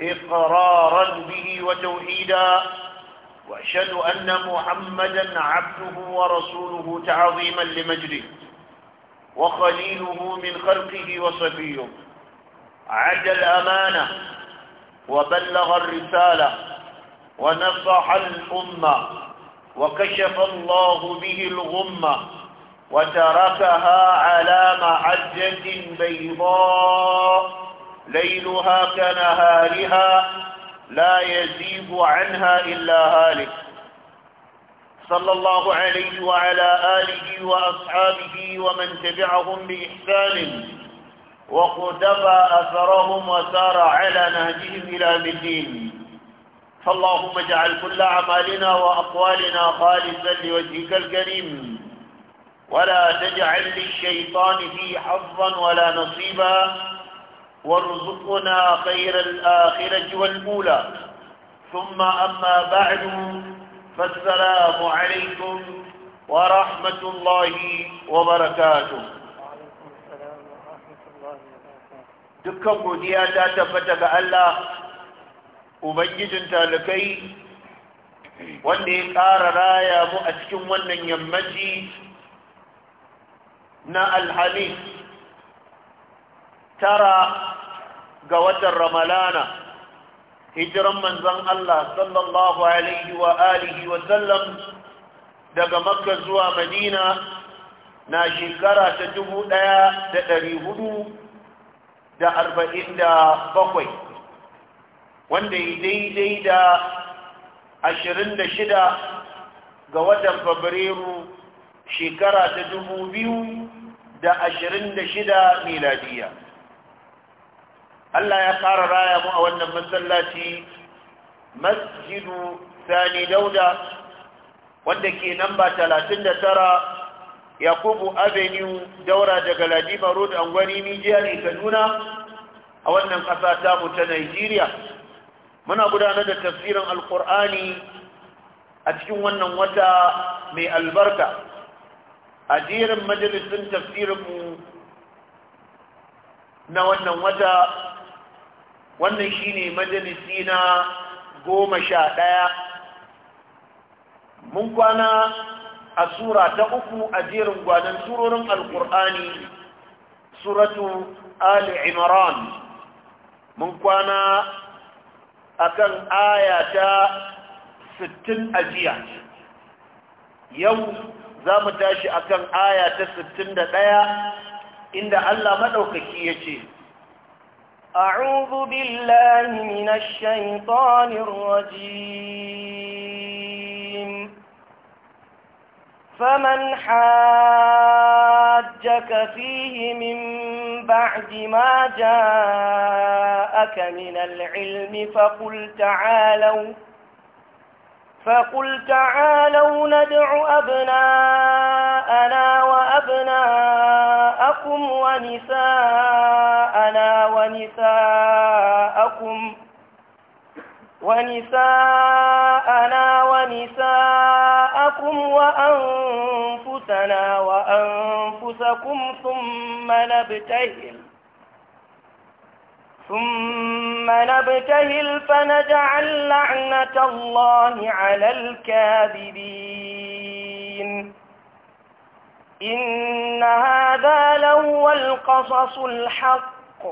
إقرارا به وتوحيدا وأشهد أن محمدا عبده ورسوله تعظيما لمجده وخليله من خلقه وصفيه عد الأمانة وبلغ الرسالة ونصح الأمة وكشف الله به الغمة وتركها على معجة بيضاء ليلها كنهارها لا يزيغ عنها إلا هالك صلى الله عليه وعلى آله وأصحابه ومن تبعهم بإحسان وقدب أثرهم وسار على نهجهم إلى بالدين فاللهم اجعل كل أعمالنا وأقوالنا خالصا لوجهك الكريم ولا تجعل للشيطان فيه حظا ولا نصيبا وارزقنا خير الآخرة والأولى ثم أما بعد فالسلام عليكم ورحمة الله وبركاته دكم مديادة فتك ألا أبجد تالكي وانديك لا يا مؤسكم وانن يمجي نا الحديث tara ga watan ramalana hijiran manzan Allah sallallahu alaihi wa alihi wa sallam daga makka zuwa madina na shekara ta dubu ɗaya da ɗari hudu da arba'in da bakwai wanda ya daidai da ashirin da shida ga watan fabrairu shekara ta dubu biyu da ashirin da shida miladiya Allah ya ƙara raya mu a wannan masallaci masjidu sani dauda wanda ke namba 39 yakubu avenue daura daga ladima road angwani nijiyar kaduna a wannan ƙasa tamu ta nigeria muna gudanar da tafsirin alkur'ani a cikin wannan wata mai albarka a jerin majalisun tafsirinmu na wannan wata wannan shine majalisi na goma sha ɗaya mun kwana a sura ta uku a jerin gwanon surorin alkur'ani suratu ali imran mun kwana a kan ayata 60 a jiya yau za mu tashi akan aya ta ɗaya, inda Allah maɗaukaki ya ce أعوذ بالله من الشيطان الرجيم فمن حاجك فيه من بعد ما جاءك من العلم فقل تعالوا فقل تعالوا ندع أبنائك أنا وأبناءكم ونساءنا ونساءكم ونساءنا ونساءكم وأنفسنا وأنفسكم ثم نبتهل ثم نبتهل فنجعل لعنة الله على الكاذبين إن هذا لهو القصص الحق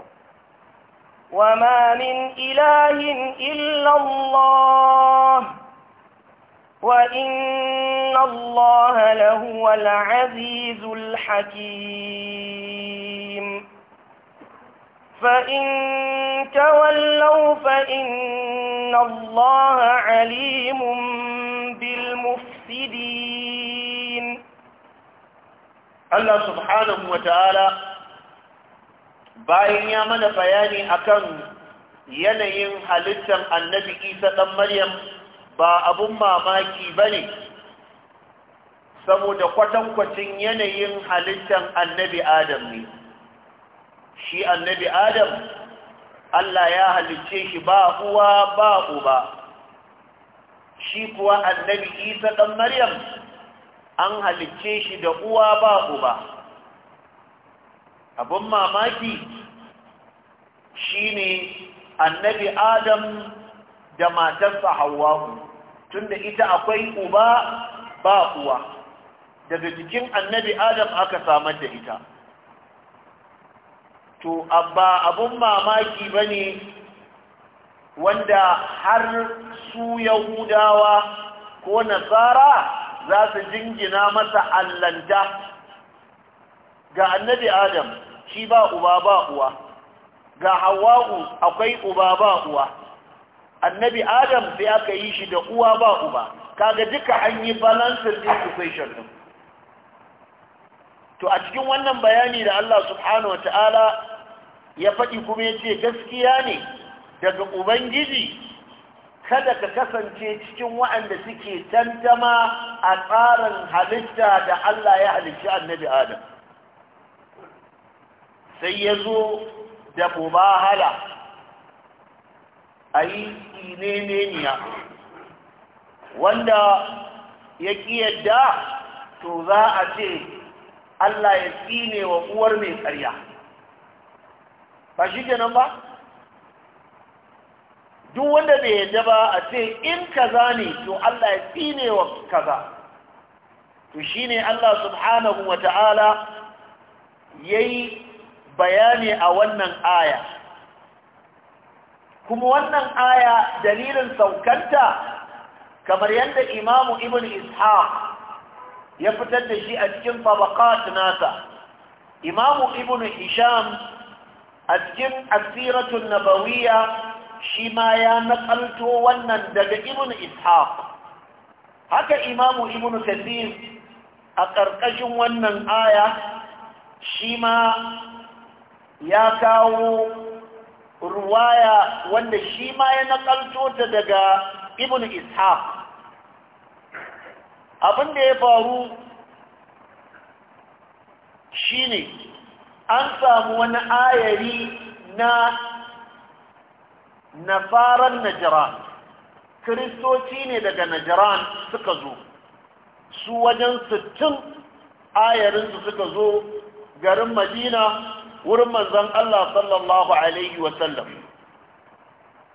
وما من إله إلا الله وإن الله لهو العزيز الحكيم فإن تولوا فإن الله عليم بالمفسدين Allah subhanahu wa ta'ala bayan ya mana bayani akan yanayin halittar annabi isa ɗan maryam ba abun mamaki ba ne saboda kwatankwacin yanayin halittar annabi adam ne shi annabi adam Allah ya halicce shi ba uwa ba uba shi kuwa annabi isa ɗan maryam an halicce shi da uwa ba uba abun mamaki shine annabi adam da matarsa hawa'u tunda ita akwai uba ba uwa daga jikin annabi adam aka samar da ita to abba abun mamaki ba ne wanda har su yahudawa ko nasara za su jingina masa allanta ga annabi adam shi ba uba ba uwa ga hawa'u akwai uba ba uwa annabi adam sai aka yi shi da uwa ba uba kaga duka an yi balanced equation din to a cikin wannan bayani da Allah subhanahu wa ta'ala ya faɗi kuma ya ce gaskiya ne daga ubangiji kada ka kasance cikin waɗanda suke tantama a tsarin halitta da Allah ya halicci annabi Adam sai ya zo da mubahala a yi inemeniya wanda ya yadda to za a ce Allah ya tsine wa uwar mai ƙarya. ba shi ba duk wanda bai yadda ba a ce in kaza ne to Allah ya ne wa kaza to ne Allah subhanahu wa ta'ala yayi bayani a wannan aya kuma wannan aya dalilin saukanta kamar yadda imamu ibn ishaq ya fitar da shi a cikin tabaqat nasa imamu ibn hisham a cikin asiratun nabawiyya shi ma ya nakalto wannan daga ibn ishaq haka imamu ibn kathir a ƙarƙashin wannan aya shi ma ya kawo ruwaya wanda shi ma ya nakalto ta daga ibn ishaq abin da ya faru shine an samu wani ayari na nasaran najran kiristoci ne daga najran suka zo su wajen sittin ayarinsu suka zo garin madina wurin manzan Allah sallallahu alaihi wasallam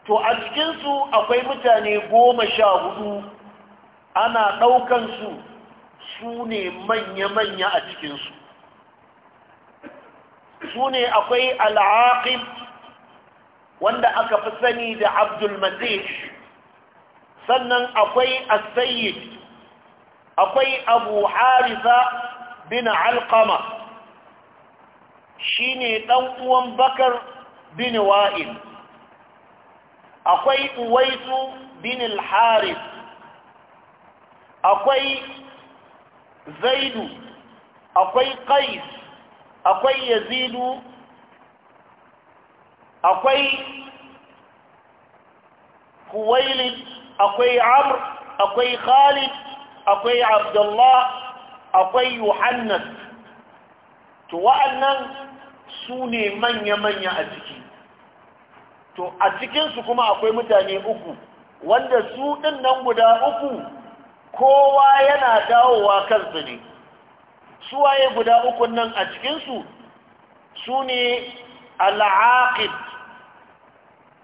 to a cikinsu akwai mutane goma sha hudu ana ɗaukansu su ne manya-manya a cikinsu su ne akwai al'aqib wanda aka fi sani da abdul sannan akwai as-sayyid akwai abu harisa bin alkama shine dan uwan bakar bin wain. akwai uwaisu bin al akwai zaidu akwai qais akwai yazidu akwai kuwailid akwai amr akwai khalid akwai abdullah akwai Yohannes. to wa'annan su ne manya-manya a ciki to a cikinsu kuma akwai mutane uku wanda su ɗin nan guda uku kowa yana dawowa kansu ne suwaye guda ukun nan a cikinsu su ne al’aƙid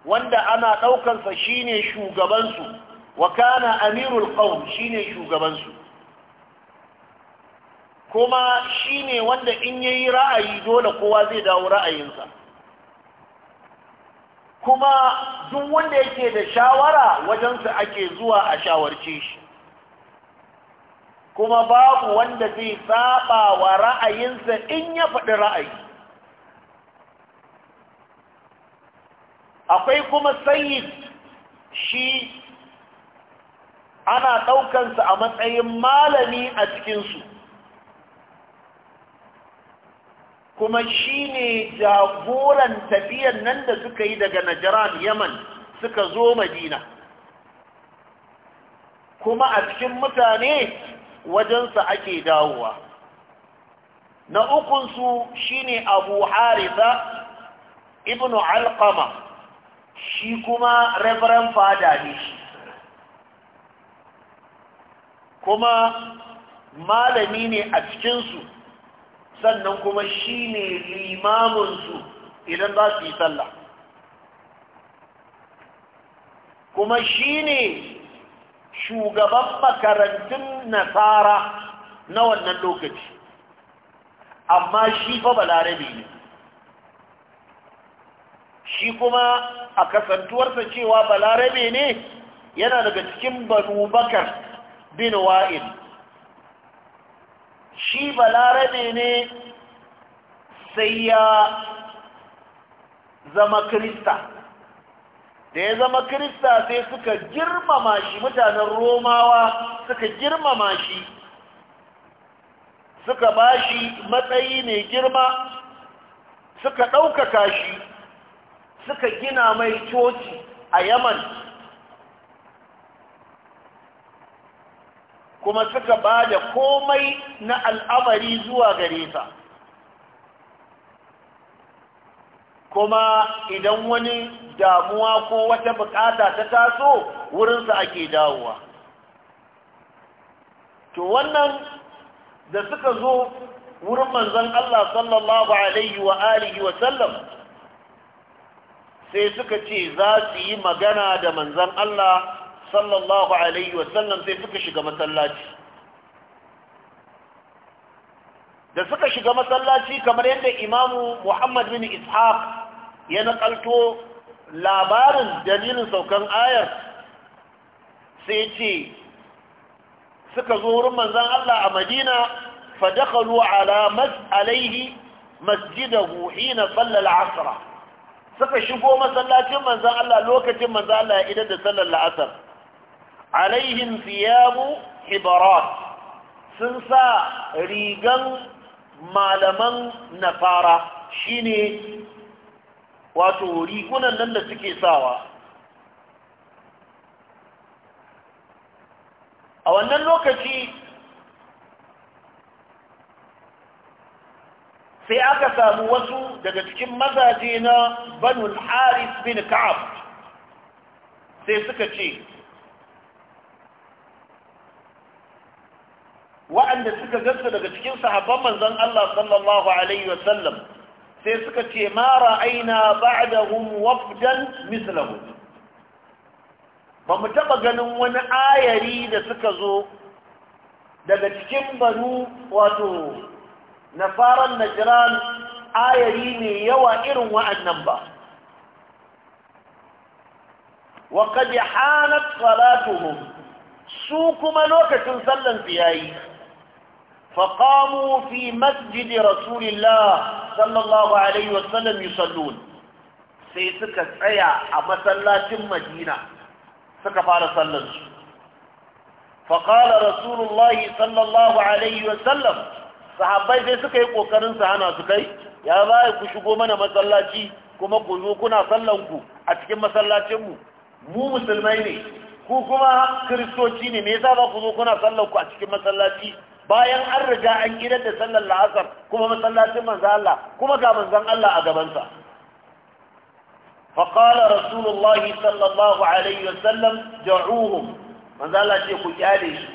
wanda ana ɗaukansa shine shugabansu Wakana kana amirul shi ne shugabansu kuma shi ne wanda in ya yi ra'ayi dole kowa zai dawo ra'ayinsa kuma duk wanda yake da shawara wajensa ake zuwa a shawarce shi kuma babu wanda zai saba wa ra'ayinsa in ya faɗi ra'ayi akwai kuma sayyid shi ana ɗaukansa a matsayin malami a cikinsu kuma shi ne jagoran tafiyan nan da suka yi daga najaran yaman suka zo madina kuma a cikin mutane wajensa ake dawowa na ukunsu shi ne abu harisa ibnu alkama shi kuma reverend fada ne shi kuma malami ne a cikinsu sannan kuma shi ne limaminsu idan za su yi sallah kuma shi ne shugaban makarantun nasara na wannan lokaci amma shi fa balarabe ne shi kuma a kasantuwarsa cewa balarabe ne yana daga cikin banu bakar bin wa'il shi balarabe ne sai ya zama krista da ya zama krista sai suka girmama shi mutanen romawa suka girmama shi suka ba shi matsayi mai girma suka ɗaukaka shi suka gina mai coci a yaman kuma suka ba da komai na al'amari zuwa gare sa kuma idan wani damuwa ko wata bukata ta taso wurinsa ake dawowa to wannan da suka zo wurin manzon Allah sallallahu alaihi wa alihi wa sallam sai suka ce za su yi magana da manzan Allah sallallahu alaihi wasallam sai suka shiga masallaci da suka shiga masallaci kamar yadda imamu Muhammad bin Ishaq ya nakalto labarin dalilin saukan ayar sai ce suka zo wurin manzan Allah a Madina fa dakhalu ala mas'alaihi masjidahu hina sallal asra suka shigo masallacin manzan Allah lokacin manzan Allah ya idan da sallar la'asar alaihin siyamu hibarat sun sa rigan malaman nafara shine wato rigunan nan da suke sawa a wannan lokaci sai aka samu wasu daga cikin mazaje na banul haris bin ka'ab sai suka ce wa'anda suka gasa daga cikin sahabban manzon Allah sallallahu alaihi wasallam sai suka ce ma ra'aina ba'dahum wafdan mislahu ba mu taba ganin wani ayari da suka zo daga cikin banu wato Na na jiran ayari ne yawa irin wa'annan ba wa qad hanat salatuhum su kuma lokacin sallan su yayi Faƙamu fi masjidi Rasulillah الله صلى الله عليه وسلم sai suka tsaya a masallacin madina suka fara sallansu faƙala rasulullahi sallallahu alaihi wasallam sahabbai sai suka yi kokarin su hana su kai ya ba ku shigo mana masallaci kuma ku zo kuna sallan ku a cikin masallacin mu mu musulmai ne ku kuma kristoci ne me yasa ba ku zo kuna sallan ku a cikin masallaci bayan an riga an gidan da sallar la'asar kuma masallacin manzan Allah kuma ga manzon Allah a gabansa faƙala rasulullahi sallallahu alaihi wasallam da'uhum manzan Allah ce ku kyale su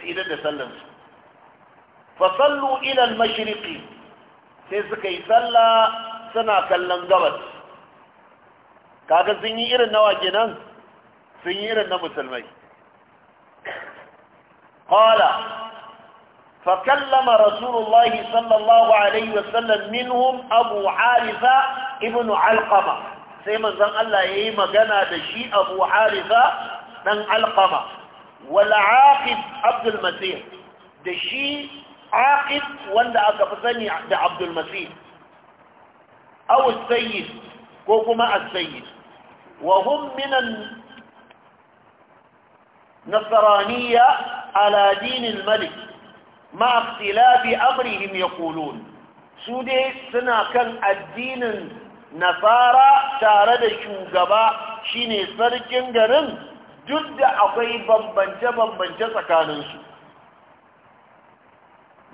sai idan da sallansu fasallu ilal mashriqi sai suka yi sallah suna kallon gabas kaga sun yi irin nawa kenan sun yi irin na musulmai qala fa kallama rasulullah sallallahu alaihi sallam minhum abu harifa ibnu alqama sai manzon Allah yayi magana da shi abu harifa dan alqama wal aqib abdul masih da shi الحائط wanda aka fi sani da Abdul Masih aw sayyid ko kuma as-sayyid wa hum min an-nasraniyya ala din al-malik ma ikhtilaf su dai suna kan addinin nasara tare da shugaba shine sarkin garin duk da akwai bambance bambance tsakaninsu.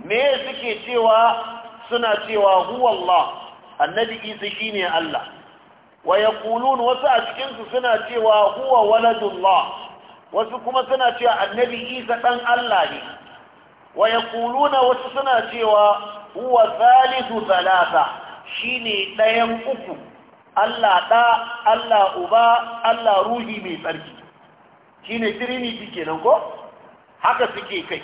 me suke cewa suna cewa huwa Allah annabi Isa shine Allah wa yaqulun wasu a cikin su suna cewa huwa waladullah wasu kuma suna cewa annabi Isa dan Allah ne wa yaquluna wasu suna cewa huwa thalithu thalatha shine dayan uku Allah da Allah uba Allah ruhi mai tsarki shine trinity kenan ko haka suke kai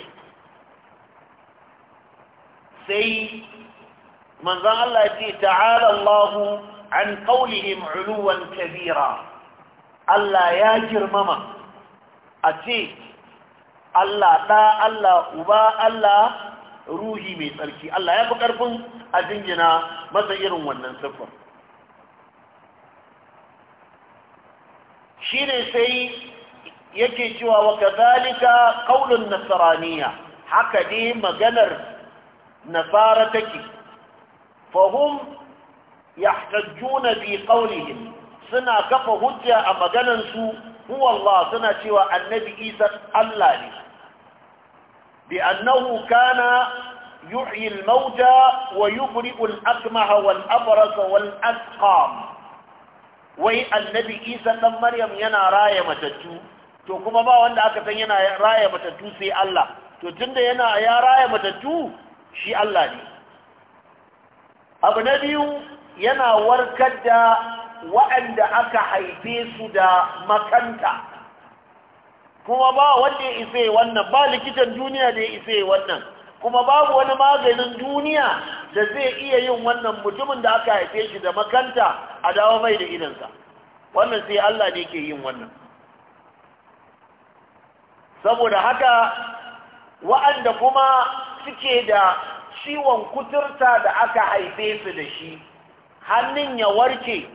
sai manzon Allah ya ce ta'ala Allah an qawlihim uluwan kabira Allah ya girmama a ce Allah ɗa Allah uba Allah ruhi mai tsarki Allah ya fi ƙarfin a jingina masa irin wannan siffar shi ne sai yake cewa wa kazalika qaulun nasraniya haka ne maganar نصارتك فهم يحتجون بقولهم سنا كف هجة أما جننسو هو الله سنا شوى النبي إيسا الله بأنه كان يحيي الموتى ويبرئ الأكمه والأبرز والأسقام وي النبي إيسا مريم ينا راية متجو تو كما ما وانا ينا راية متجو سي الله تو جند ينا يا راية متجو shi Allah ne abu na biyu yana warkar da waɗanda aka haife su da makanta kuma ba wanda ya isa wannan ba likitan duniya da ya isa wannan kuma babu wani maganin duniya da zai iya yin wannan mutumin da aka haife shi da makanta a dawo mai da idansa wannan sai Allah ne ke yin wannan saboda haka wa'anda kuma suke da ciwon kuturta da aka haife su da shi hannun ya warke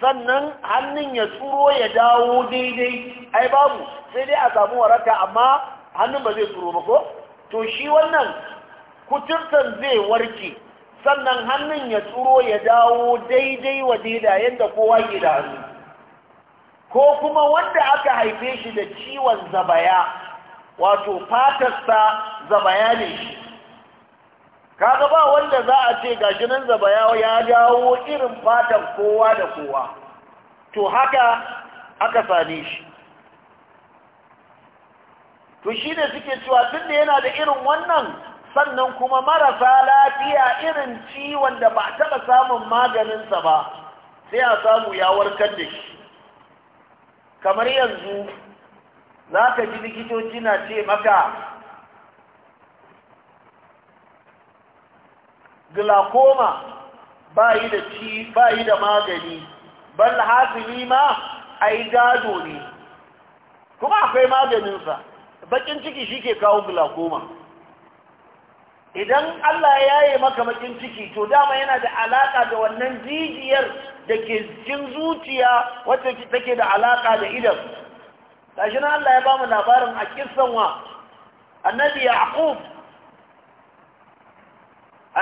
sannan hannun ya tsuro ya dawo daidai ai babu sai dai a samu waraka amma hannun ba zai tsuro ba ko to shi wannan kuturtan zai warke sannan hannun ya tsuro ya dawo daidai wa daida yadda kowa ke da hannu ko kuma wanda aka haife shi da ciwon zabaya wato fatarsa zabaya ne shi kaga ba wanda za a ce gashi nan zabaya ya dawo irin fatan kowa da kowa to haka aka same shi to shi ne suke cewa tun da yana da irin wannan sannan kuma marasa lafiya irin ciwon da ba taɓa samun maganinsa ba sai a samu ya warkar da shi kamar yanzu za ka ji likitoci na ce maka glaucoma ba yi da ci ba yi da magani bal hasili ma yi gado ne kuma akwai maganinsa bakin ciki shi ke kawo glaucoma idan Allah ya yi maka bakin ciki to dama yana da alaka da wannan jijiyar da ke cikin zuciya wacce take da alaka da idan kashi na Allah ya ba mu labarin a kissan wa annabi yaqub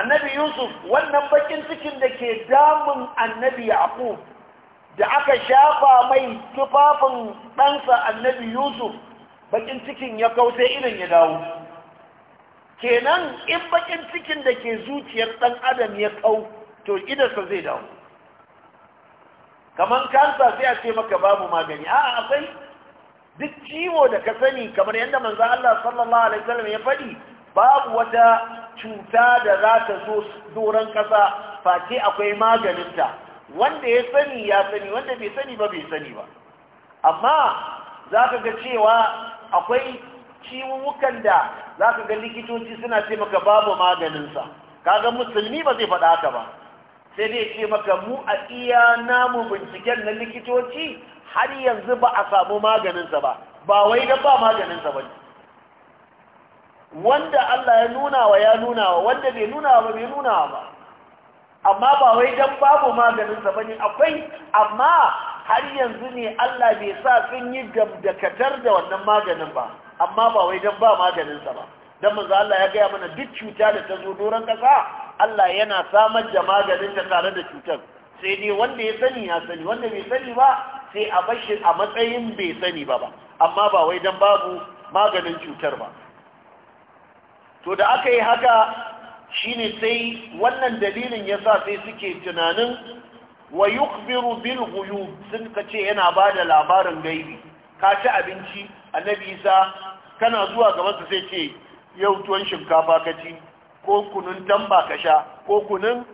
annabi yusuf wannan bakin cikin da ke damun annabi yaqub da aka shafa mai tufafin ɗansa annabi yusuf bakin cikin ya kauce idan ya dawo kenan in bakin cikin da ke zuciyar ɗan adam ya kau to idansa zai dawo kamar kansa sai a ce maka babu magani a'a akwai duk ciwo da ka sani kamar yadda manzo Allah sallallahu alaihi wasallam ya fadi babu wata cuta da za ta zo doron kasa face akwai maganin ta wanda ya sani ya sani wanda bai sani ba bai sani ba amma zaka ga cewa akwai ciwukan da zaka ga likitoci suna ce maka babu sa kaga musulmi ba zai fada haka ba sai dai ce maka mu a iya namu binciken na likitoci har yanzu ba a samu maganinsa ba ba wai da ba maganinsa ba wanda Allah ya nuna wa ya nuna wa wanda bai nuna wa bai nuna ba amma ba wai dan babu maganinsa ba ne akwai amma har yanzu ne Allah bai sa sun yi gamdakatar da wannan maganin ba amma ba wai dan ba maganinsa ba dan manzo Allah ya gaya mana duk cuta da ta zo doron kasa Allah yana samar da maganin ta tare da cutar sai dai wanda ya sani ya sani wanda bai sani ba sai a bashi a matsayin bai sani ba ba amma ba wai dan babu maganin cutar ba to da aka yi haka shine sai wannan dalilin yasa sai suke tunanin wa yukhbiru bil ghuyub sun kace yana bada labarin gaibi ka ci abinci annabi isa kana zuwa gaban sa sai ce yau tuwon shinkafa ka ci ko kunun tamba ka sha ko kunun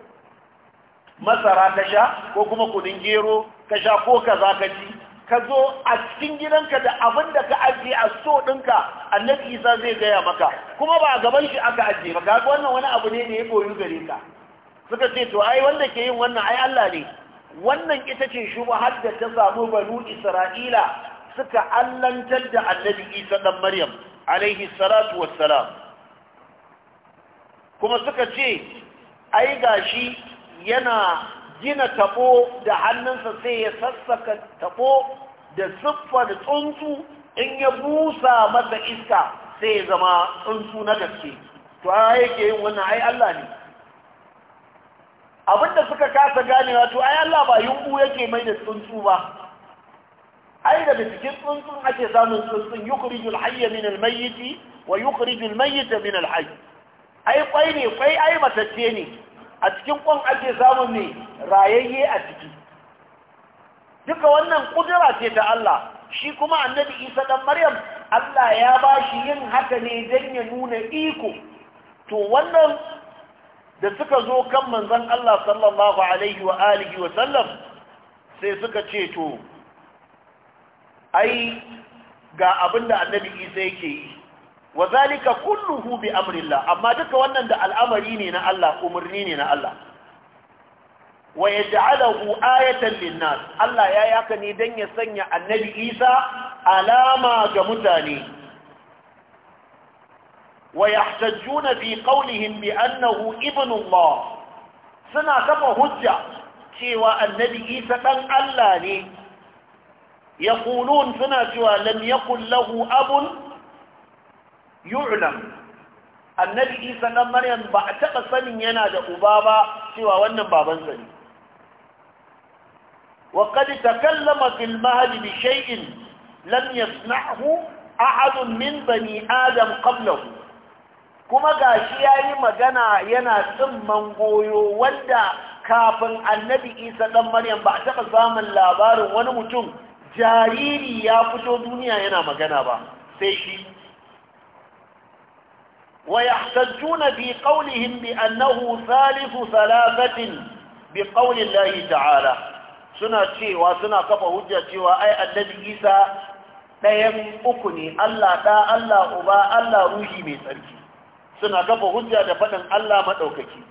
masara ka sha ko kuma kunun gero ka sha ko kaza ka ci ka zo a cikin gidanka da abin da ka ajiye a so ɗinka annabi isa zai gaya maka kuma ba a gaban shi aka ajiye ba ga wannan wani abu ne da ya koyi gare ka suka ce to ai wanda ke yin wannan ai Allah ne wannan ita ce har da ta samu banu Isra'ila suka allantar da annabi Isa dan Maryam alaihi salatu wassalam kuma suka ce ai gashi yana gina tabo da hannunsa sai ya sassaka tabo da siffar tsuntsu in ya busa masa iska sai ya zama tsuntsu na gaske to a yake yin wannan ai Allah ne abinda suka kasa ganewa to ai Allah ba yunbu yake mai da tsuntsu ba ai daga cikin tsuntsun ake samun tsuntsun yukhrijul hayya min al-mayyit wa yukhrijul mayyita min al-hayy ai kwai ne kwai ai matacce ne a cikin kwan ake samun ne rayayye a ciki duka wannan kudura ce ta Allah shi kuma annabi Isa dan Maryam Allah ya bashi yin haka ne dan ya nuna iko to wannan da suka zo kan manzon Allah sallallahu alaihi wa alihi wa sallam sai suka ce to ai ga abin da annabi isa yake yi wa zalika kulluhu bi amrillah amma duka wannan da al'amari ne na Allah umarni ne na Allah wa yaj'aluhu ayatan linnas Allah ya yaka ne dan ya sanya annabi isa alama ga mutane wa yahtajjuna fi qawlihim bi annahu ibnu Allah suna kafa hujja cewa annabi isa dan Allah ne yaqulun suna cewa lam yakul lahu abun yu'lam annabi isa dan maryam ba a taba sanin yana da uba ba cewa wannan baban sa ne wa qad takallama fil mahdi bi shay'in lam yasna'hu ahad min bani adam qablahu kuma gashi yayi magana yana tsimman goyo wanda kafin annabi isa dan maryam ba a taba samun labarin wani mutum jariri ya fito duniya yana magana ba sai shi waya tattuna bi ƙaunihin bi annahu salifu salafatin bi ƙaunin suna cewa suna kafa hujja cewa ai annabi isa ɗayan uku ne allah ɗa allah uba allah ruhi mai tsarki suna kafa hujja da faɗin allah maɗaukaki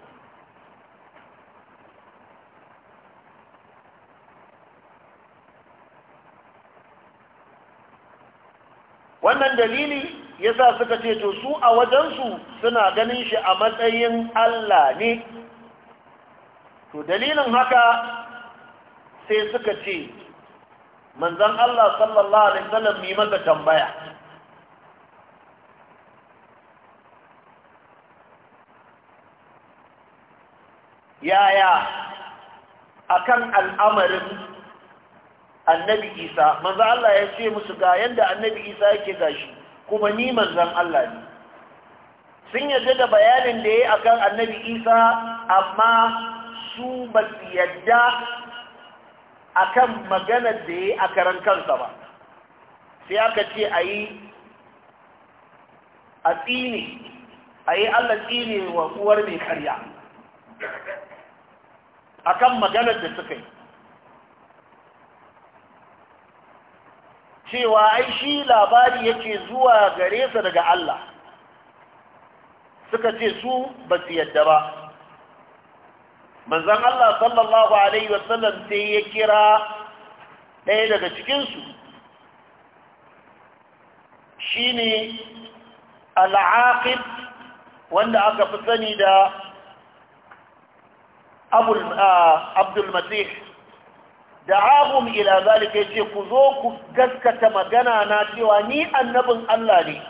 wannan dalili sa suka ce to su a wajen su suna ganin shi a matsayin Allah ne to dalilin haka sai suka ce manzan Allah sallallahu alaihi wasallam yi masa tambaya yaya akan al'amarin annabi isa manzo Allah ya ce musu ga yanda annabi isa yake gashi kuma ni manzan Allah ne sun yadda da bayanin da yayi yi akan annabi isa amma su ba su yadda akan maganar da ya a karan kansa ba sai aka ce ayi yi a Allah tsini wa uwar mai karya akan maganar da suka yi cewa ai shi labari yake zuwa gare sa daga Allah suka ce su ba su yadda ba manzan Allah sallallahu Alaihi wasallam sai ya kira ɗaya daga cikinsu shi ne al'aqib wanda aka fi sani da ah, abdulmasih Da ila zalika yace ku zo ku gaskata magana na cewa ni annabin Allah ne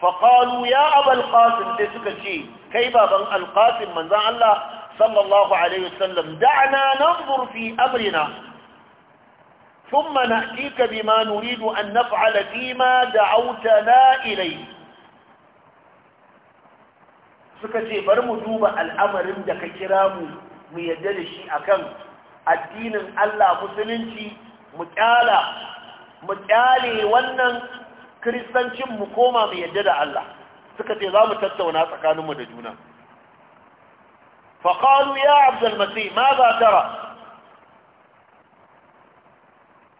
Faƙalu ya abul qasim dai suka ce kai baban Alƙasin qasim manzon Allah sallallahu alaihi wasallam da'na nanzur fi amrina thumma na'tika bima nuridu an naf'ala fima da'awtana ilayhi suka ce bari mu duba al'amarin da ka kira mu mu yadda da shi akan addinin Allah musulunci mu kyala mu kyale wannan kristancin mu koma mu yadda da Allah suka ce za mu tattauna tsakaninmu da juna faƙalu ya abdul masih ma za tara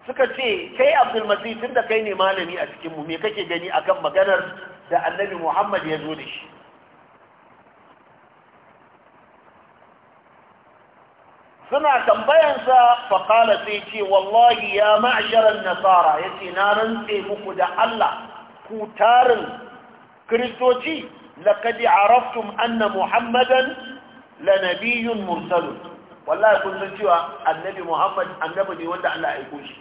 suka ce kai abdul masih tun da kai ne malami a cikinmu me kake gani akan maganar da annabi muhammad ya zo da shi suna tambayansa faƙala sai ce wallahi ya ma'asharar nasara ya ce na rantse muku da Allah ku tarin kiristoci laƙadi araftum anna muhammadan lanabiyun mursalun wallahi kun san cewa annabi muhammad annabi ne wanda Allah ya aiko shi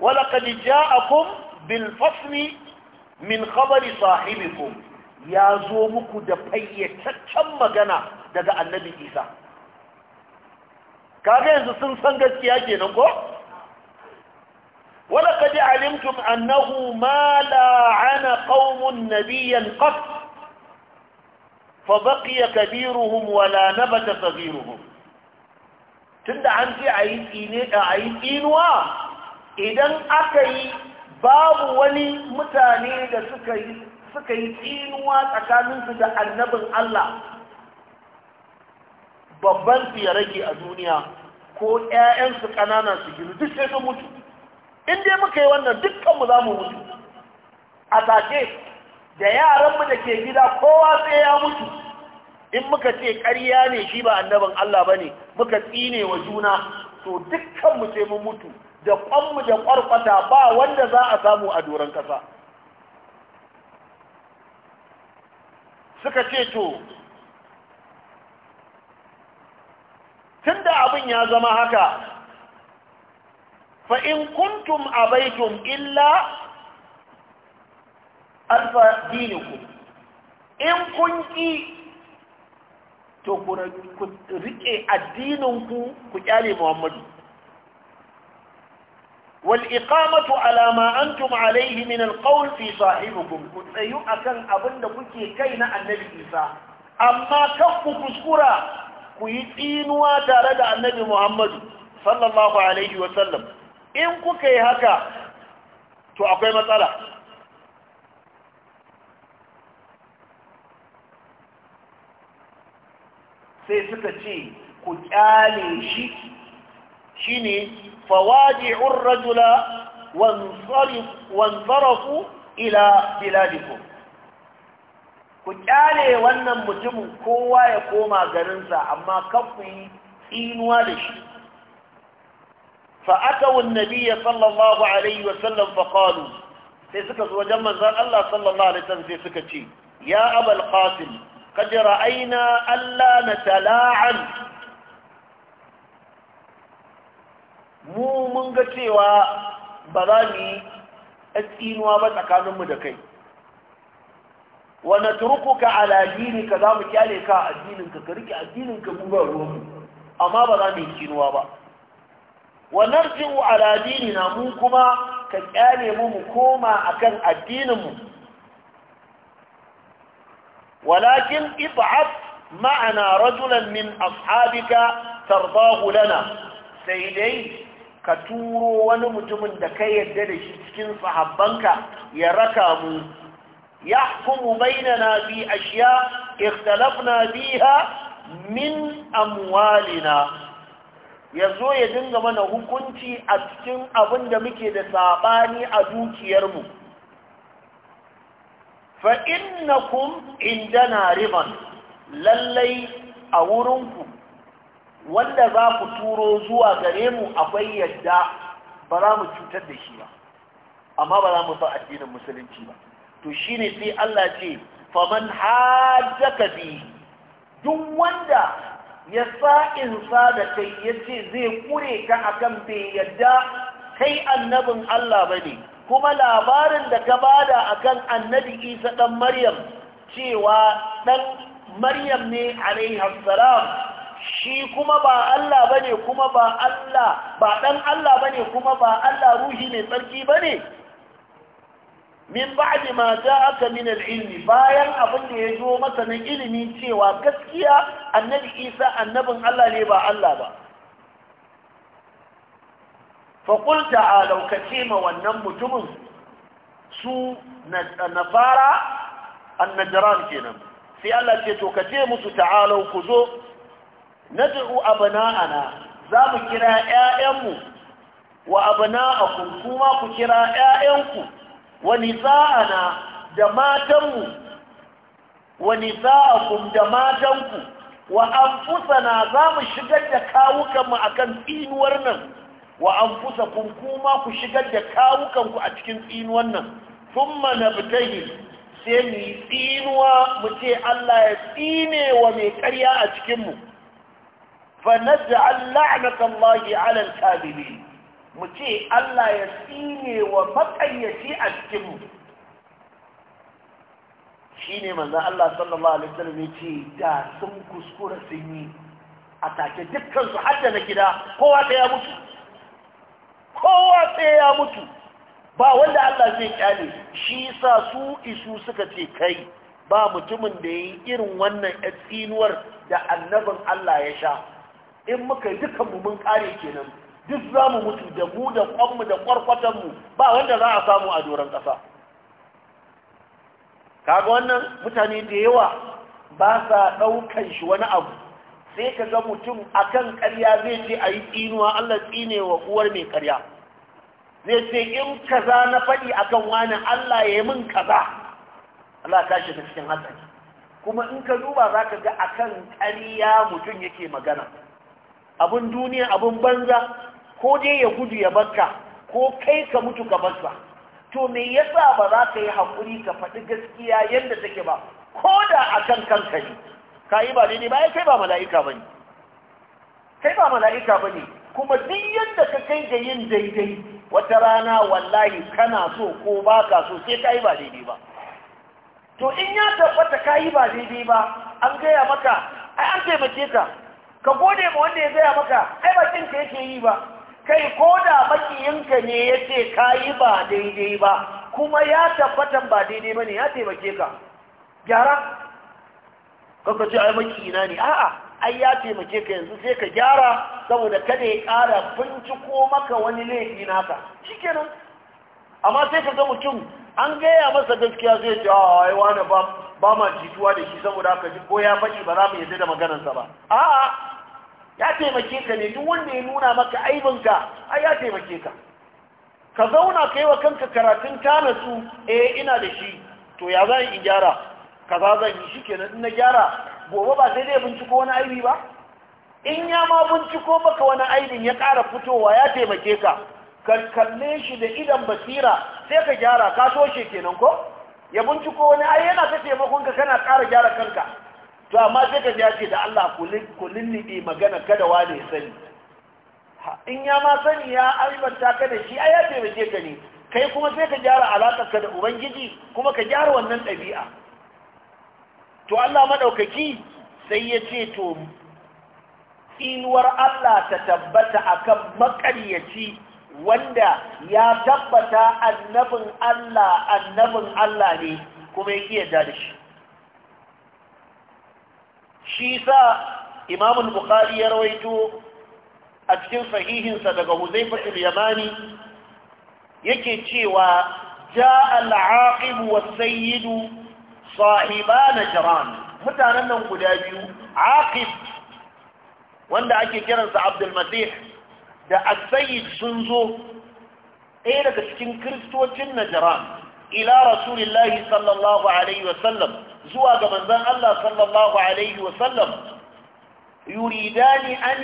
walaƙadi ja'akum bil fasli min khabari sahibikum ya zo muku da fayyacaccen magana daga annabi isa kaga yanzu sun san gaskiya ke nan ko wadda kaji alimtum annahu ma la'ana qaumun nabiyan qat fa baqiya kabiruhum wa la nabata saghiruhum tunda an ji a yi tsine da a yi tsinuwa idan aka yi babu wani mutane da suka yi suka yi tsinuwa tsakaninsu da annabin Allah babban su ya rage a duniya ko 'ya'yansu ƙanana su gini duk sai sun mutu in muka yi wannan dukkanmu za mu mutu a take da yaranmu da ke gida kowa sai ya mutu in muka ce ƙarya ne shi ba annabin Allah ba ne muka tsine wa juna to dukkanmu sai mun mutu da kwanmu da ƙwarƙwata ba wanda za a samu a doron ƙasa suka ce to tun da abin ya zama haka fa'in kuntum baitun illa alfa diniku in kun ƙi to ku riƙe addininku ku ƙyale muhammadu والإقامة على ما أنتم عليه من القول في صاحبكم كنت يؤكن أبن كي كين النبي إيسا أما كف كسكرا كيتين وترد النبي محمد صلى الله عليه وسلم إن كي هكا تؤكي مسألة sai suka ce ku kyale shi shine فواجع الرجل وانصرف وانصرف الى بلادكم kuƙyale wannan mutumin kowa ya koma garinsa amma kafin inuwa da shi fa’atawun nabiya sallallahu alaihi wasallam faƙalu sai suka zuwa jamman zan Allah sallallahu alaihi wasallam sai suka ce ya abal ƙasin ka jira aina Allah na tala'an mu mun ga cewa ba za mu yi ba tsakaninmu da kai wa turkuka ala dinika za mu kyale ka addininka ka rike addininka mu ba ruwanmu amma ba za mu yi ba wa narji'u ala dinina kuma ka kyale mu mu koma akan addininmu walakin ib'ath ma'ana rajulan min ashabika tardahu lana sai dai ka turo wani mutumin da ka yarda da shi cikin sahabbanka ya raka mu yahkumu bainana bi ashiya ikhtalafna biha min amwalina zo ya dinga mana hukunci a cikin abin da muke da sabani a dukiyarmu fa Inda na riban lallai a wurinku wanda za ku turo zuwa gare mu akwai yadda ba za mu cutar da shi ba amma ba za mu sa addinin musulunci ba to ne sai Allah ce faman hajjaka bi duk wanda ya sa insa da kai ya ce zai kure ka akan bai yadda kai annabin Allah ba ne kuma labarin da ka bada akan annabi isa ɗan maryam cewa ɗan maryam ne alaihi shi kuma ba Allah bane kuma ba Allah ba dan Allah bane kuma ba Allah ruhi ne tsarki bane min ba'di ma za aka minar ilmi bayan abin da ya zo masa na ilimi cewa gaskiya annabi Isa annabin Allah ne ba Allah ba fa qul ce ma wannan mutumin su nasara an-najran kenan sai Allah ce to ka ce musu ta'ala ku zo nad'u abana'ana za mu kira ƴaƴanmu wa abana'akum kuma ku kira ƴaƴanku wa nisa'ana da matanmu wa nisa'akum da matanku wa anfusana za mu shigar da kawukanmu akan tsinuwar nan wa anfusakum kuma ku shigar da kawukanku a cikin tsinuwar nan thumma nabtahi sai mu tsinuwa mu ce Allah ya tsine wa mai ƙarya a cikinmu mu فنجعل لعنة الله على الكاذبين متي الله يسيني ومقن يسيء الكم شيني من الله صلى الله عليه وسلم يتي دا سنكو سكورة سنين أتاكي دكتن حتى نكدا هو يا مسلم kowa sai ya mutu ba wanda Allah zai kyale shi sa su isu suka ce kai ba mutumin da ya yi irin wannan tsinuwar da annabin Allah ya sha in muka yi mu mun kare kenan duk za mu mutu da mu da kwanmu da mu, ba wanda za a samu a doron ƙasa kaga wannan mutane da yawa ba sa ɗaukan shi wani abu sai ka ga mutum a kan ƙarya zai je a yi tsinuwa allah tsine wa uwar mai ƙarya zai ce in kaza na faɗi kan wani allah ya yi min kaza allah ka shi cikin hatsari kuma in ka duba za ka ga a kan ƙarya mutum yake magana abun duniya abun banza ko dai ya gudu ya barka ko kai ka mutu ka barsa to me yasa ba za ka yi haƙuri ka faɗi gaskiya yadda take ba ko da a kan kanka ne ka yi ba daidai ba ya kai ba mala'ika ba ne kai ba mala'ika ba ne kuma duk yadda ka kai da yin daidai wata rana wallahi kana so ko ba ka so sai ka yi ba daidai ba to in ya tabbata ka yi ba daidai ba an gaya maka ai an taimake ka ka gode ma wanda ya zaya maka ai ba kinka yake yi ba kai ko da makiyinka ne ya ce ka yi ba daidai ba kuma ya tabbatan ba daidai ba ne ya taimake ka gyara ka ce ai makiyina ne a'a ai ya taimake ka yanzu sai ka gyara saboda kada ya ƙara binciko maka wani laifi naka shikenan amma sai ka ga mutum an gaya masa gaskiya zai ce a ai wani ba ba ma jituwa da shi saboda haka ko ya faɗi ba za mu yadda da maganarsa ba a'a ya taimake ka ne duk wanda ya nuna maka aibinka ai ya taimake ka ka zauna ka yi wa kanka karatun tanasu e eh, ina da shi to ya zan in gyara ka za zan yi shi kenan na gyara gobe ba sai dai binciko wani aibi ba in ya ma binciko baka wani aibin ya kara fitowa ya taimake ka ka kalle shi da idan basira sai ka gyara ka toshe kenan ko ya binciko wani ai yana ta taimakonka kana kara gyara kanka to amma sai ka ya ce da Allah ku lulluɓe magana kada wane ya sani in ya ma sani ya aibanta ka da shi ai ya taimake ka ne kai kuma sai ka gyara alaƙar ka da ubangiji kuma ka gyara wannan ɗabi'a to Allah maɗaukaki sai ya ce to tsinuwar Allah ta tabbata akan maƙaryaci wanda ya tabbata annabin Allah annabin Allah ne kuma ya ƙiyar da shi shi sa imamul bukhari ya rawaito a cikin sahihinsa daga huzaifatul yamani yake cewa ja al-aqib Sayyidu sayyid jiran mutanen nan guda biyu aqib wanda ake kiransa abdul da as-sayyid sun zo ɗaya daga cikin kiristocin najran ila rasulillahi sallallahu alaihi wasallam zuwa ga manzan Allah sallallahu alaihi wa sallam yuridani an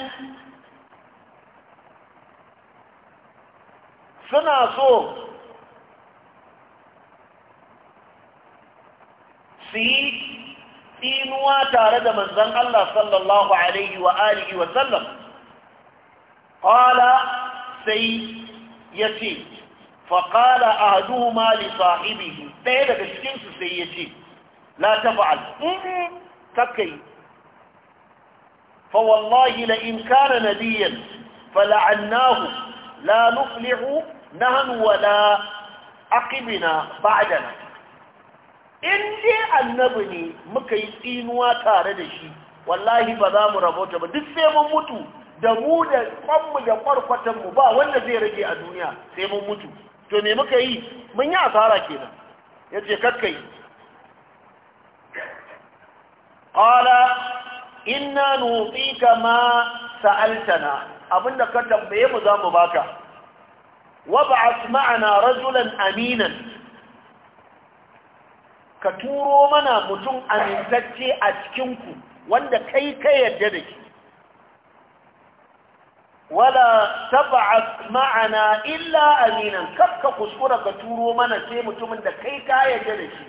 suna so su yi tsinuwa tare da manzan Allah sallallahu Alaihi wa alihi wa sallam ƙala sai ya ce faƙala a hadu ma li sahibihi ɗaya daga cikinsu sai ya ce la taf'al in kakai fa wallahi la in kana nabiyyan fala'annahu la nuflihu nahnu wala aqibina ba'dana in dai annabi ne muka yi tsinuwa tare da shi wallahi ba za mu rabota ba duk sai mun mutu da mu da kwanmu da mu ba wanda zai rage a duniya sai mun mutu to me muka yi mun yi asara kenan ya ce kakayi. ina inna ka ma sa'altana abinda ka tambaye mu za mu baka wab'ath ma'ana rajulan aminan ka turo mana mutum amintacce a cikinku wanda kai ka yadda da shi wala tab'at ma'ana illa aminan kafka kuskura ka turo mana sai mutumin da kai ka yadda da shi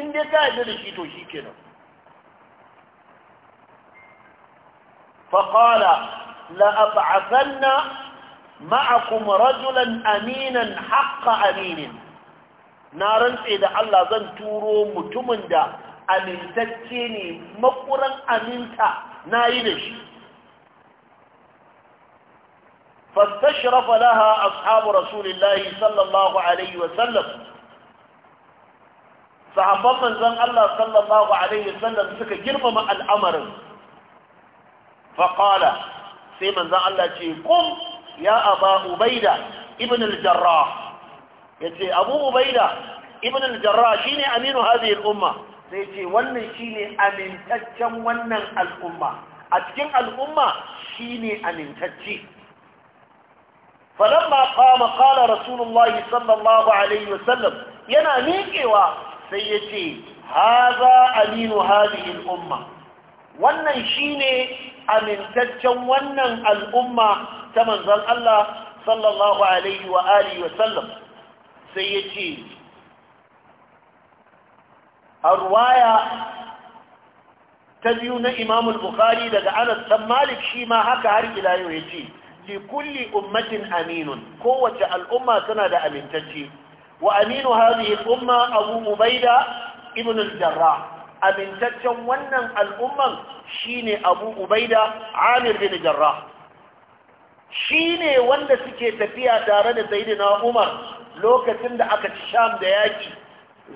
in dai ka yarda da shi to shi kenan فقال لأبعثن معكم رجلا أمينا حق أمين نارن إذا الله زن تورو متمن دا أمنتكيني مقرا أمنتا نايدش فاستشرف لها أصحاب رسول الله صلى الله عليه وسلم صحابة من زن الله صلى الله عليه وسلم سكا جرم الأمر faƙala sai manzan Allah ce ƙum ya aba ubaida ibn al-jarrah ya ce abu ubaida ibn al shi ne aminu hazi umma sai ce wannan shi ne amintaccen wannan al'umma a cikin al'umma shi ne amintacce فلما قام قال رسول الله صلى الله عليه yana miƙewa sai ya ce haza aminu hadihin umma wannan shine amintaccen wannan al'umma ta manzan Allah sallallahu alaihi wa alihi wa sallam sai ya ce a ruwaya ta biyu na imamul bukhari daga anas ta malik shi ma haka har ila yau ya ce li kulli ummatin aminun kowace al'umma tana da amintacce wa aminu hadhihi umma abu ubaida ibn al-jarrah amintaccen wannan al'umman shine abu ubaida amir bin Shi ne wanda suke tafiya tare da na umar lokacin da aka ci sham da yaki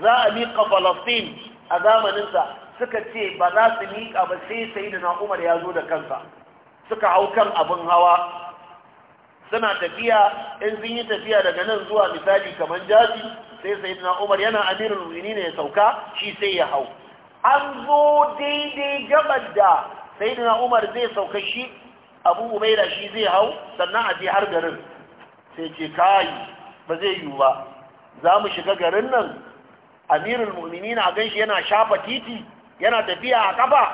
za a miƙa falastin a zamaninsa suka ce ba za su miƙa ba sai sayyidina umar ya zo da kansa suka hau kan abin hawa suna tafiya in sun yi tafiya daga nan zuwa misali kamar jaji sai sayyidina umar yana amirul mu'minin ya sauka shi sai ya hau an zo daidai gabar da sai da umar zai sauka shi abu umaira shi zai hau sannan a je har garin sai ce kayi ba zai yiwu ba za mu shiga garin nan amirul mu'minin a ganshi yana shafa titi yana tafiya a kafa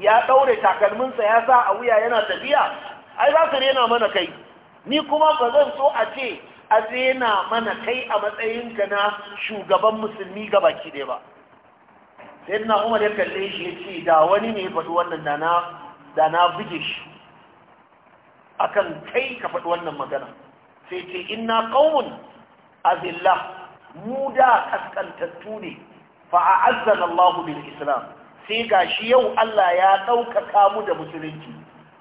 ya ɗaure takalminsa ya sa a wuya yana tafiya ai za su rena mana kai ni kuma ba zan so a ce a rena mana kai a matsayinka na shugaban musulmi gabaki ɗaya ba sai na umar ya kalle shi ya ce da wani ne faɗi wannan da na buge shi akan kai ka faɗi wannan magana sai ce inna qaumun azillah mu da kaskantattu ne fa azzanallahu Allahu bil islam sai gashi yau Allah ya ɗaukaka mu da musulunci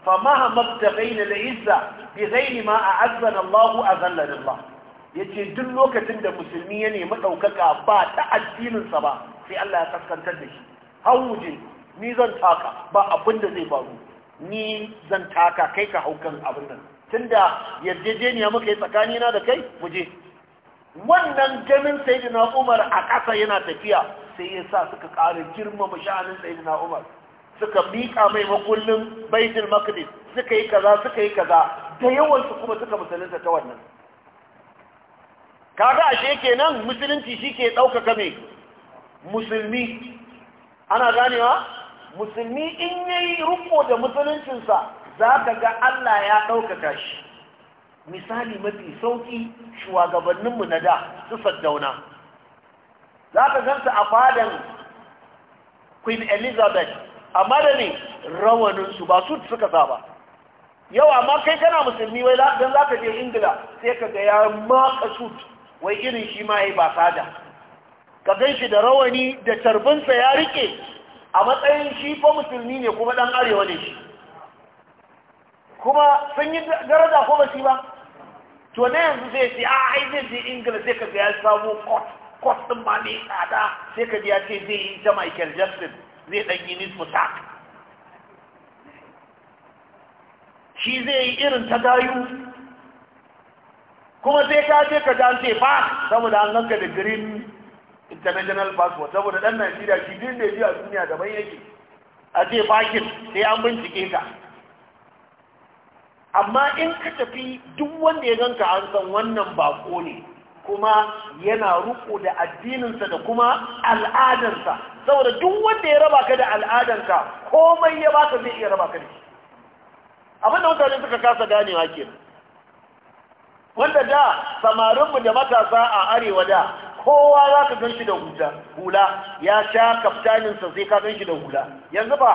fa mahamma da da izza bi zai ma a Allahu azallana Ya yace duk lokacin da musulmi ya nemi ɗaukaka ba ta addininsa ba sai Allah ya kaskantar da shi wuje ni zan taka ba abin da zai faru ni zan taka kai ka hau kan abin nan tunda yarjejeniya muka yi tsakani na da kai mu wannan ganin sayyidina Umar a ƙasa yana tafiya sai ya sa suka ƙara girmama sha'anin sayyidina Umar suka miƙa mai makullin baitul maqdis suka yi kaza suka yi kaza da yawan su kuma suka musulunta ta wannan kaga ashe kenan musulunci shike ɗaukaka mai musulmi ana ganewa musulmi in yayi rufo da musuluncinsa za ka ga Allah ya ɗaukaka shi misali mafi sauƙi shugabanninmu na da su saddauna za ka ganta a fadan queen elizabeth amma da rawaninsu ba su suka sa ba yau amma kai kana musulmi wai don za ka je ingila sai ka ga ya maka sut wai irin shi ma ya yi ba sada ka gan shi da rawani da tarbinsa ya rike a matsayin shi fa musulmi ne kuma ɗan arewa ne shi kuma sun yi daraja ko ba shi ba to na yanzu zai ce a ah, ai zai je ingila sai ka ga ya samu kot, kot ma ne tsada sai ka ya ce zai yi ta michael jackson zai ɗan yi nis tak shi zai yi irin ta gayu kuma sai ka je ka dace ba saboda an ganka da green international passport saboda dan Najeriya shi din da ya a duniya daban yake a ce bakin sai an bincike ka amma in ka tafi duk wanda ya ganka an san wannan bako ne kuma yana ruku da addininsa da kuma al'adansa saboda duk wanda ya raba ka da al'adanka komai ya baka zai iya raba ka da shi abin da mutane suka kasa ganewa kenan wanda da samarinmu da matasa a arewa da kowa za ka gan da hula ya sha kaftaninsa sai ka gan shi da hula yanzu ba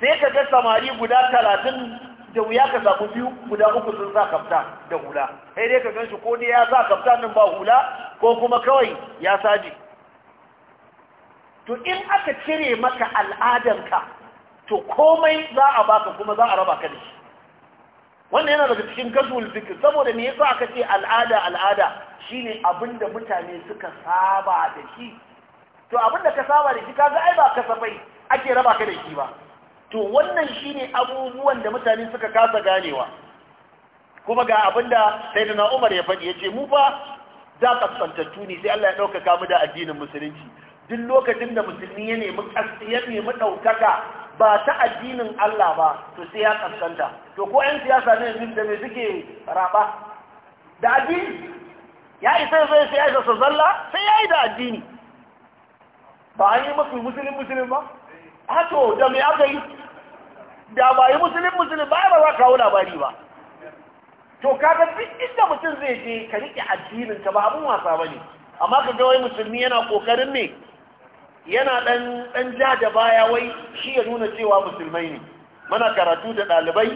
sai ka ga samari guda talatin da wuya ka samu biyu guda uku sun sa kafta da hula sai dai ka gan ko dai ya sa kafta ba hula ko kuma kawai ya saji to in aka cire maka al'adanka to komai za a baka kuma za a raba ka da shi wannan yana daga cikin kasuwar fikir saboda me yasa aka ce al'ada al'ada shine abin da mutane suka saba da shi to abin ka saba da shi kaga ai ba kasafai ake raba ka da shi ba to wannan shine abubuwan da mutane suka kasa ganewa kuma ga abin da sayyidina Umar ya faɗi yace mu fa ka tsantattu ne sai Allah ya ɗaukaka mu da addinin musulunci duk lokacin da musulmi ya nemi ya nemi ɗaukaka ba ta addinin Allah ba to sai ya kaskanta to ko ɗan siyasa ne yanzu da me suke raba da addini ya isa sai sai ya su zalla sai ya yi da addini ba an yi mafi musulun musulun ba a to da me aka yi da ba yi musulun musulun ba ba za kawo labari ba to kaga duk inda mutum zai je ka riƙe addinin ka ba abun wasa ba ne amma ka ga wai musulmi yana ƙoƙarin ne yana ɗan ja da baya wai shi ya nuna cewa musulmai ne mana karatu da ɗalibai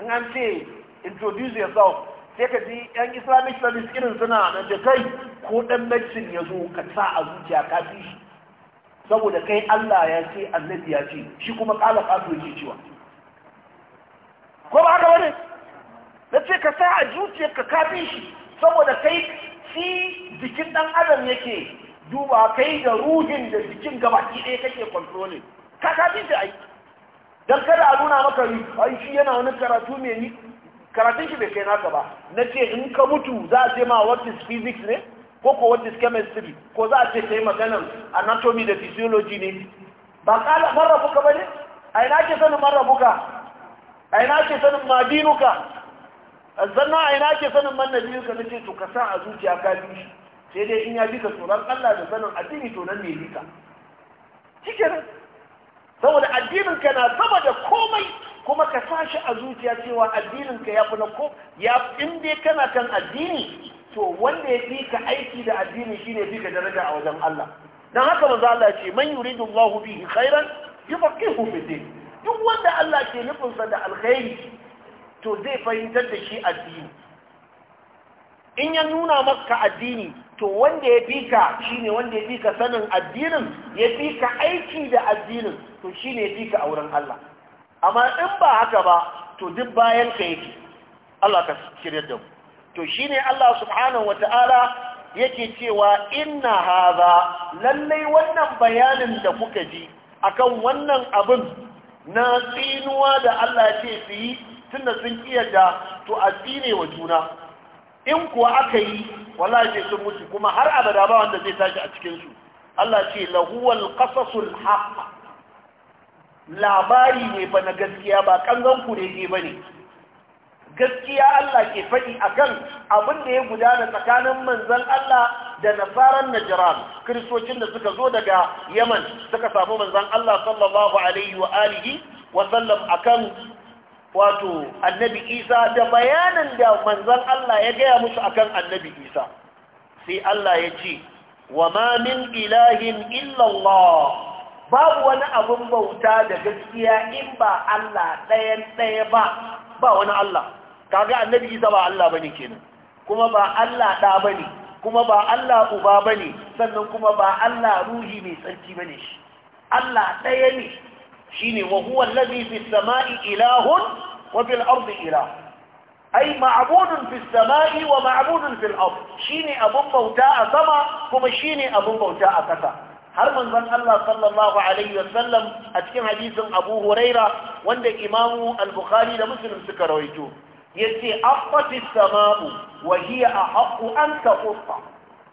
in an ce introduce yourself sai ka ji yan islamic service irin suna nan da kai ko ɗan medicine ya zo ka sa a zuciya ka fi shi saboda kai Allah ya ce annabi ya ce shi kuma ƙala ƙato ya cewa ko ba haka wani na ce ka sa a zuciya ka fi shi saboda kai shi jikin ɗan adam yake duba kai da ruhin da jikin gabaki ɗaya kake kontrolin ka tafi da aiki don kada a nuna maka ai shi yana wani karatu mai ni karatun shi bai kai naka ba na ce in ka mutu za a ce ma what is physics ne ko ko what is chemistry ko za a ce yi maganan anatomy da physiology ne ba kala marrabuka ba ne a ina ke sanin ka? a ina ke sanin madinuka sannan a ina ke sanin mannabinuka na ce to ka sa a zuciya ka bi shi sai dai in ya bi ka tsoron Allah da sanin addini to nan ne bi cikin saboda addinin ka na sama da komai kuma ka sashi a zuciya cewa addinin ka ya na ko ya in dai kana kan addini to wanda ya fi ka aiki da addini shine fi ka daraja a wajen Allah dan haka manzo Allah ce man yuridu Allahu bihi khairan yufaqihu fi din duk wanda Allah ke nufinsa da alkhairi to zai fahimtar da shi addini in ya nuna maka addini to wanda ya fi ka ne wanda ya fi ka sanin addinin ya fi ka aiki da addinin to ne ya fi ka a wurin Allah amma in ba haka ba to duk bayan ka yake Allah ka shirya da mu to shine Allah subhanahu wata'ala yake cewa inna haza, lallai wannan bayanin da kuka ji akan wannan abin na tsinuwa da Allah ce su yi tunda sun kiyarda to a tsine wa juna in kuwa aka yi wallahi sai sun mutu kuma har abada ba wanda zai tashi a cikin su Allah ce lahuwal qasasul haqq labari ne ba na gaskiya ba kangan ba ne. gaskiya Allah ke faɗi akan abin da ya gudana tsakanin manzon Allah da nasaran najran kristocin da suka zo daga Yaman suka samu manzon Allah sallallahu alaihi wa alihi wa sallam akan wato annabi isa da bayanin da manzan Allah ya gaya musu akan annabi isa sai Allah ya ce wa ma min ilahin illallah babu wani abun bauta da gaskiya in ba Allah ɗayan ɗaya ba ba wani Allah kaga annabi isa ba Allah bane kenan kuma ba Allah ɗa bane kuma ba Allah uba bane sannan kuma ba Allah ruhi mai tsarki bane shi Allah ɗaya ne shine wa huwa allazi fi samai ilahun wa fil ardi ilah ai ma'budun fi samai wa ma'budun fil ard shine abun bauta a sama kuma shine abun bauta a kasa har manzon Allah sallallahu alaihi wasallam a cikin hadisin Abu Huraira wanda Imam Al-Bukhari da Muslim suka rawaito yace aqfatis samau wa hiya ahqqu an taqfa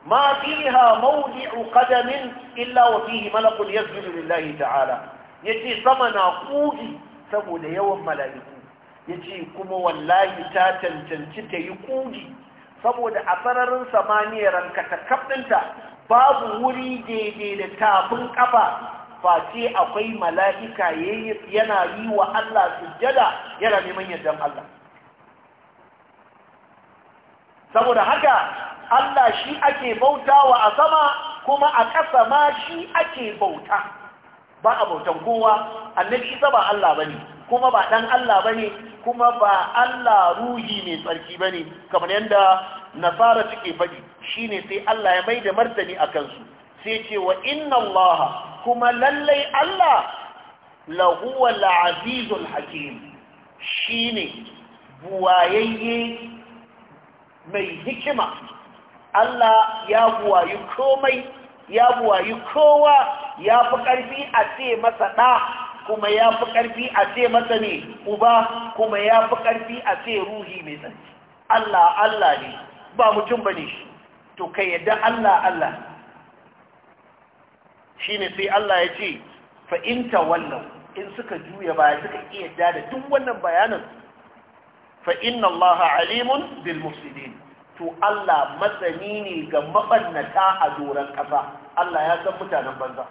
ما فيها موضع قدم إلا وفيه ملك يسجد لله ta'ala. Yace ce sama na kugi saboda yawan mala'iku Yace kuma wallahi ta cancanci ta yi kugi saboda a sararin samaniyar katakabdinta babu wuri daidai da tafin kafa face akwai mala'ika yana yi wa Allah sujjada yana neman yardan Allah saboda haka Allah shi ake bautawa a sama kuma a ƙasa ma shi ake bauta ba a bautan kowa annabi isa ba Allah bane kuma ba dan Allah bane kuma ba Allah ruhi mai tsarki bane kamar yanda nasara take faɗi shine sai Allah ya maida martani akan su sai ce wa inna Allah kuma lallai Allah lahu al-azizul hakim shine buwayayye mai hikima Allah ya buwayi komai ya buwayi kowa ya fi ƙarfi a ce masa ɗa kuma ya fi ƙarfi a ce masa ne uba kuma ya fi ƙarfi a ce ruhi mai tsanci Allah Allah ne ba mutum ba ne shi to ka yadda Allah Allah shi ne sai Allah ya ce fa'inta wannan in suka juya baya suka iya yadda da duk wannan bayanin fa'inna Allah alimun bil to Allah matsani ne ga maɓannata a doron ƙasa Allah ya san mutanen banza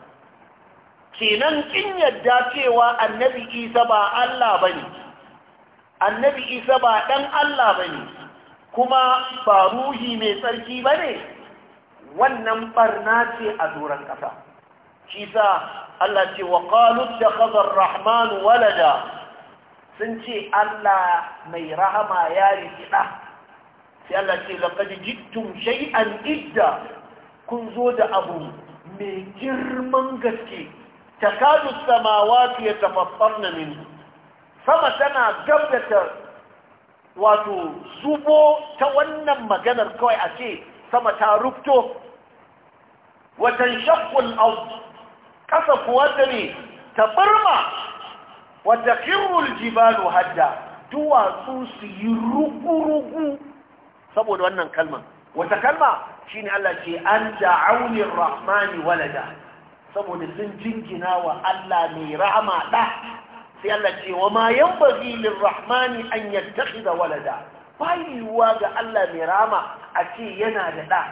kenan kin yadda cewa annabi isa ba Allah bane annabi isa ba dan Allah bane kuma ba ruhi mai tsarki bane wannan barna ce a doron kasa shi sa Allah ce wa qalu takhadha ar-rahman walada sun ce Allah mai rahama ya rikida sai Allah ce laqad jittum shay'an idda kun zo da abu mai girman gaske takadu samawati ya tafaffarna min sama tana gabdata wato zubo ta wannan maganar kawai a ce sama ta rufto watan shakkul au kasa kuwa da ne ta birma wata kirrul jibalu hadda duwatsu su yi rugu-rugu saboda wannan kalmar wata kalma Shin Allah ce an da'awlir rahmani walada saboda sun jingina wa Allah mai rahama ɗa sai Allah ce wa ma yanbaghi lirrahmani an da walada bai ga Allah mai rahama a ce yana da ɗa.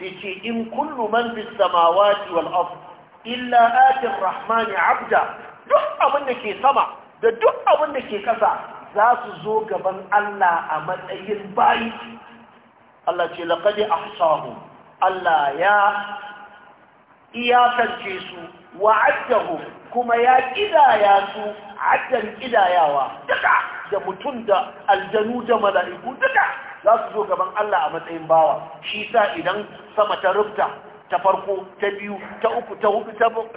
sai ce in kullu man fis samawati wal illa ati rahmani abda duk abin da ke sama da duk abin da ke kasa za su zo gaban Allah a matsayin bayi Allah ce laqad ahsahum Allah ya iyakance su wa'addahu kuma ya ƙidaya su addan ƙidayawa. duka da mutum da aljanu da mala'iku duka za su zo gaban Allah a matsayin bawa shi sa idan sama ta rufta ta farko ta biyu ta uku ta hudu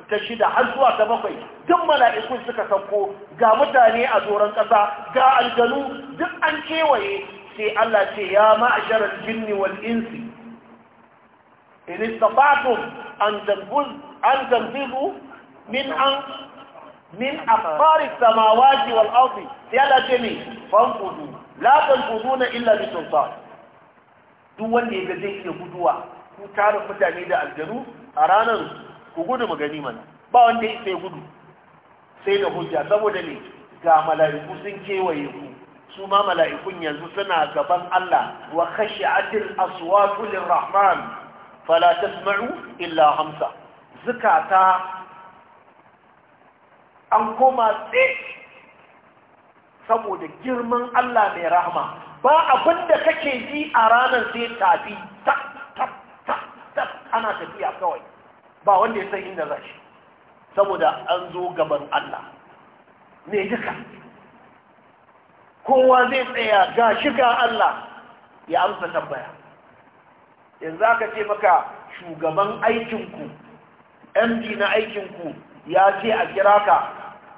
ta shida har zuwa ta bakwai duk mana'ikun suka sauko ga mutane a doron ƙasa ga aljanu duk an kewaye sai Allah ce ya ma'asharar jinni wal insi in istafatu an an min an min aqtaris samawati wal ardi sai Allah ce ne fankudu la na illa bi sulta duk wanda ya zai guduwa ku tara mutane da aljanu a ranar ku gudu magani mana ba wanda ya gudu sai da hujja saboda ne ga mala'iku sun kewaye ku su ma mala'ikun yanzu suna gaban Allah wa khashi'atil aswatu Rahman, fala tasma'u illa hamsa zukata an koma tsit saboda girman Allah mai rahama ba abinda kake ji a ranar sai tafi tak ana tafiya kawai ba wanda ya san inda zai saboda an zo gaban Allah ne duka kowa zai tsaya ga shiga Allah ya amsa tambaya yanzu aka ce maka shugaban aikinku md na aikinku ya ce a kira ka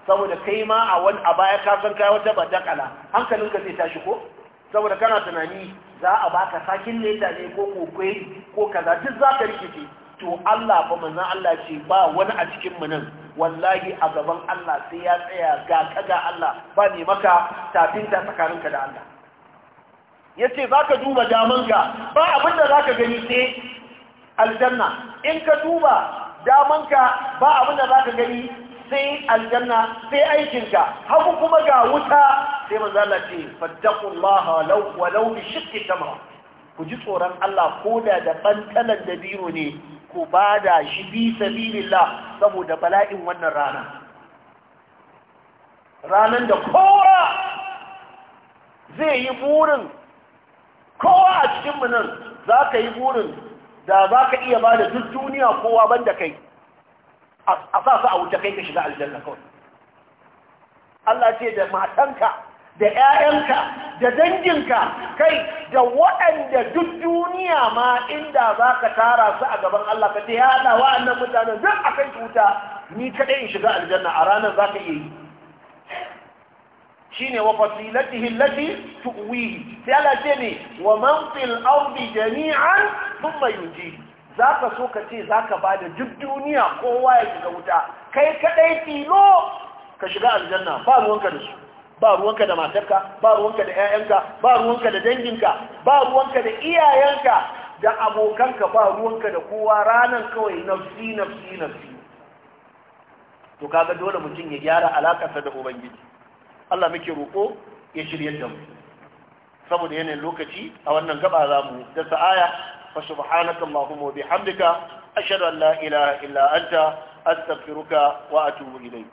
saboda kai ma a wani a baya ka kai wata badakala hankalinka zai tashi ko saboda kana tunani za a baka sakin leta ne ko kokwai ko kaza duk za ka rikice to Allah fa manzon Allah ce ba wani a cikin mu nan wallahi a gaban Allah sai ya tsaya ga kaga Allah ba ne maka tafin ta tsakaninka da Allah yace zaka duba ka ba abin da zaka gani sai aljanna in ka duba damanka ba abin da zaka gani sai aljanna sai aikinka haku kuma ga wuta sai manzon Allah ce fattaqullaha law walau bi shiqqi tamra ku ji tsoron Allah ko da da bantalan ne ku ba da shi bi sabilillah saboda bala'in wannan rana ranan da kowa zai yi burin kowa a cikin mu nan za ka yi burin da za ka iya ba da duk duniya kowa banda kai a sa su a wuce kai ka shiga aljanna kawai Allah ce da matanka da 'ya'yanka da danginka kai da waɗanda duk duniya ma inda za ka tara su a gaban Allah ka ce ya Allah wa'annan mutanen duk a kai wuta ni kaɗai in shiga aljanna a ranar za ka iya yi ne wa fasilatihi allati tuwihi sai Allah ce ne wa manfil aubi jami'an sun thumma za zaka so ka ce zaka bada duk duniya kowa ya shiga wuta kai kaɗai tilo ka shiga aljanna ba ruwanka da su ba ruwanka da matarka ba ruwanka da ƴaƴanka ba ruwanka da danginka ba ruwanka da iyayenka da abokanka ba ruwanka da kowa ranan kawai nafsi nafsi nafsi to kaga dole mutum ya gyara alakarsa da ubangiji Allah muke roko ya shirye da mu saboda yanayin lokaci a wannan gaba za mu da sa'aya fa subhanaka allahumma wa bihamdika ashhadu an la ilaha illa anta astaghfiruka wa atubu ilayk